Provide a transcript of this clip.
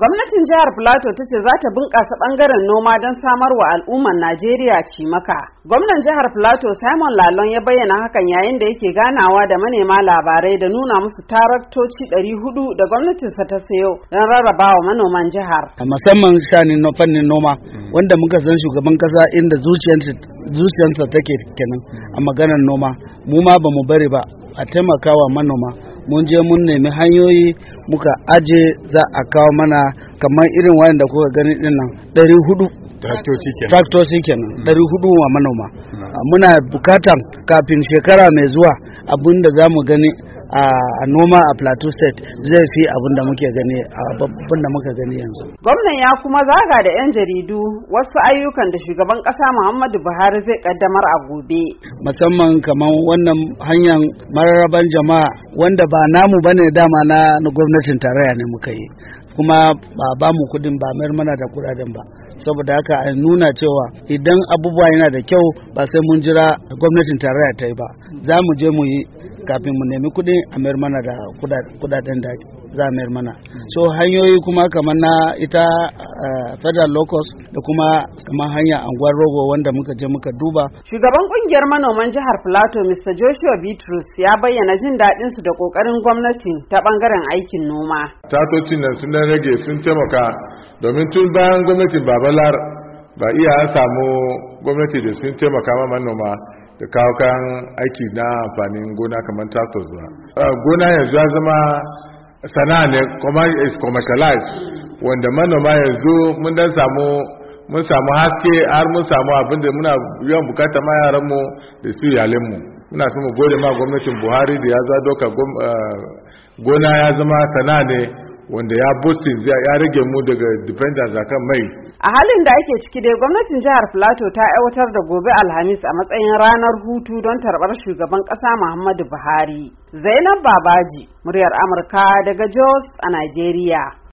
Gwamnatin jihar Filato ta ce za ta bunƙasa ɓangaren noma don samar wa al'ummar Najeriya cimaka. Gwamnan jihar Filato Simon Lalon ya bayyana hakan yayin da yake ganawa da manema labarai da nuna musu taraktoci ɗari 400 da gwamnatinsa ta sayo don rarraba wa manoman jihar. A Musamman shanin fannin noma wanda muka san shugaban kasa inda zuciyarsa take kenan a maganar noma mu ma ba mu bari ba a taimakawa manoma mun je mun nemi hanyoyi muka aje za a kawo mana kamar irin wayan da kuka gani din nan ɗari hudu traktoci kenan hmm. ɗari hudu wa manoma hmm. ah, muna bukatan kafin shekara mai zuwa abin da za mu gani a noma a plateau state zai fi abin da muke gani a da muka gani yanzu. Gwamnan ya kuma zaga da 'yan jaridu wasu ayyukan da shugaban kasa Muhammadu Buhari zai kaddamar a gobe. Musamman kamar wannan hanyar mararaban jama'a wanda ba namu ba ne dama na na gwamnatin tarayya ne muka yi kuma ba ba mu kudin ba mayar mana da kudaden ba saboda haka a nuna cewa idan abubuwa yana da kyau ba sai mun jira gwamnatin tarayya ta yi ba za mu je mu yi kafin mu nemi kudin a mayar mana da kudaden da za a mayar mana so hanyoyi kuma kamar na ita Eh, federal locus da kuma kamar hanya anguwar rogo wanda muka je muka duba shugaban kungiyar manoman jihar plateau mr joshua bitrus ya bayyana jin daɗin su da kokarin gwamnati ta bangaren aikin noma tatocin nan sun rage sun taimaka domin tun bayan gwamnatin babalar ba iya samu gwamnati da sun taimaka ma manoma da kawo kayan aiki na amfanin gona kamar tatos ba ah, gona yanzu ya zama sana'a ne is commercialized wanda manoma yanzu mun dan samu mun samu haske har mun samu abin da muna yawan bukata ma yaran mu da su yalen mu muna so mu gode ma gwamnatin Buhari da ya za doka eh, gona ya zama sana'a ne wanda ya boosting ya rage mu daga dependence akan mai a halin da ake ciki dai gwamnatin jihar plateau ta aiwatar da gobe alhamis a matsayin ranar hutu don tarbar shugaban kasa muhammadu buhari zainab babaji muryar amurka daga jos a nigeria